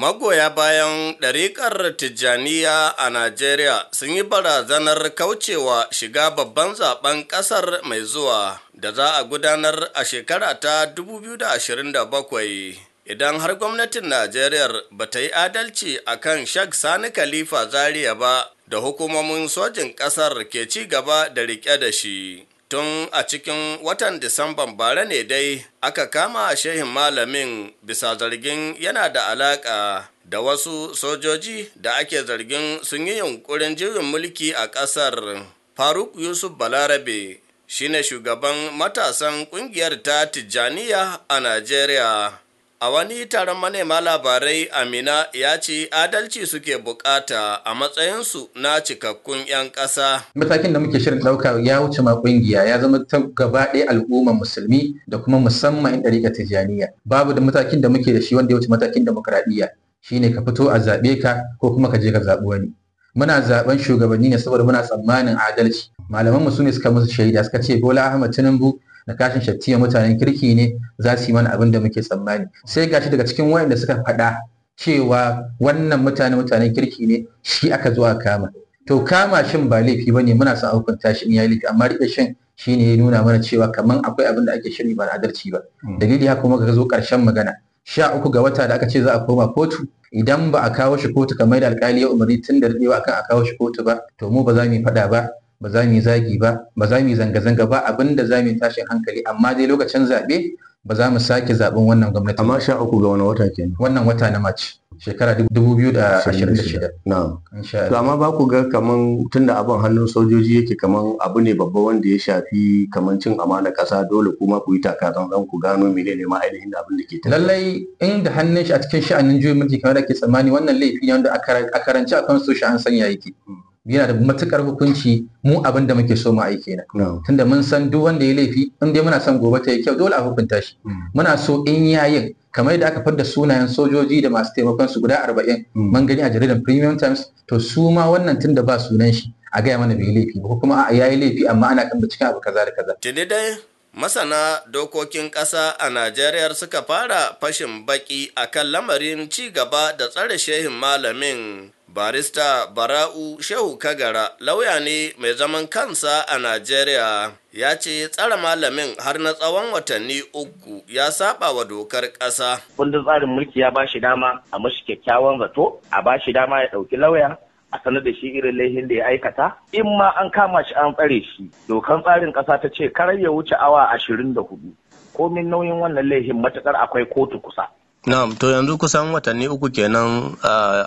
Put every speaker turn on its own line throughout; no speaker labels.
Magoya bayan ɗariƙar Tijjaniya a Najeriya sun yi barazanar kaucewa shiga babban zaben ƙasar mai zuwa da za a gudanar a shekara ta 2027 idan har gwamnatin Najeriya ba ta yi adalci a kan Shag Sani Khalifa Zaria ba da hukumomin sojin ƙasar ke ci gaba da riƙe da shi. tun a cikin watan disamban bara ne dai aka kama shehin malamin bisa zargin yana da alaƙa da wasu sojoji da ake zargin sun yi yunkurin jirgin mulki a ƙasar faruk yusuf balarabe shine shugaban matasan ƙungiyar ta tijjaniya a najeriya A wani taron manema labarai Amina ya ce adalci suke bukata a matsayinsu na cikakkun 'yan ƙasa.
Matakin da muke shirin ɗauka ya wuce ma ƙungiya ya zama ta gaba ɗaya al'ummar musulmi da kuma musamman 'yan ɗariƙa tijjaniya. Babu da matakin da muke da shi wanda ya wuce matakin demokuraɗiyya shine ka fito a zaɓe ka ko kuma ka je ka zaɓi wani. Muna zaɓen shugabanni ne saboda muna tsammanin adalci. Malaman mu su ne suka musu shaida suka ce Bola Ahmad Tinubu na kashin shattiya mutanen kirki ne za su yi mana abin da muke tsammani sai gashi daga cikin wayanda suka faɗa cewa wannan mutane mutanen kirki ne shi aka zo a kama to kama shin ba laifi ba ne muna son hukunta shi in ya laifi amma riƙe shin shi ne ya nuna mana cewa kamar akwai abin da ake shiri ba adalci ba hmm. dalili haka kuma ka zo ƙarshen magana sha uku ga wata da aka ce za a koma kotu idan ba a kawo shi kotu kamar da alƙali ya umarni tun da daɗewa akan a kawo shi kotu ba to mu ba za mu yi faɗa ba ba za mu yi zagi ba ba za mu yi zanga-zanga ba abinda za mu yi tashin hankali amma dai lokacin zaɓe ba za mu sake zaɓen wannan gwamnati amma sha uku ga wani wata kenan wannan wata na mace shekara 2026 na'am to
amma ba ku ga kaman tunda abin hannun sojoji yake kaman abu ne babba wanda ya shafi kaman cin amana ƙasa dole kuma ku yi taka zan ku gano menene ma ainihin abin da ke
tafiya lallai inda hannun shi a cikin sha'anin juyin mulki kamar da ke tsammani wannan laifi ne wanda a karanci a kan su sha'an sanya yake hmm. yana da matukar hukunci mu abin da muke so mu aike na tunda mun san duk wanda ya laifi in dai muna son gobe ta yi kyau dole a hukunta shi hmm. muna so in yayin kamar da aka fadda sunayen sojoji da masu taimakon su guda arba'in hmm. mun gani a jaridar premium times to su ma wannan tunda ba sunan shi a gaya mana bai laifi ba kuma a yayi laifi amma ana kan binciken abu kaza da
kaza. masana dokokin ƙasa a najeriya suka fara fashin baki a kan lamarin ci gaba da tsare shehin malamin barista bara'u shehu kagara lauya ne mai zaman kansa a najeriya ya ce tsare malamin har na tsawon
watanni uku ya saba wa dokar ƙasa kundin tsarin mulki ya ba shi dama a mashi kyakkyawan zato a ba shi dama ya ɗauki lauya a sanar da shi irin laihin da ya aikata in ma an kama shi an tsare shi dokan tsarin kasa ta ce kar ya wuce awa ashirin da hudu komin nauyin wannan laihin matukar akwai kotu kusa.
Na'am to yanzu kusan watanni uku kenan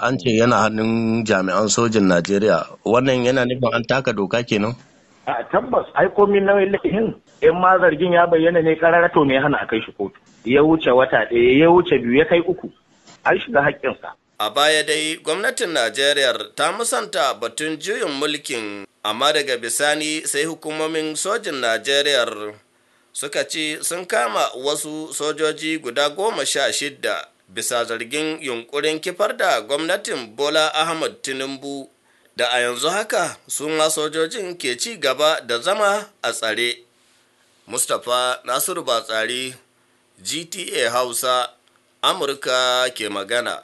an ce yana hannun jami'an sojin Najeriya wannan yana nufin an taka doka kenan?
A tabbas ai komin nauyin laihin in ma zargin ya bayyana ne karara to me hana a kai shi kotu ya wuce wata ɗaya ya wuce biyu ya kai uku an shiga haƙƙinsa.
A baya dai gwamnatin Najeriya ta musanta batun juyin mulkin, amma daga bisani sai hukumomin sojin Najeriya suka ce sun kama wasu sojoji guda goma sha shidda bisa zargin yunkurin kifar da gwamnatin Bola Ahmad Tinubu da a yanzu haka suna sojojin ke ci gaba da zama a tsare. Mustapha Nasiru Batsari, GTA Hausa, Amurka ke magana.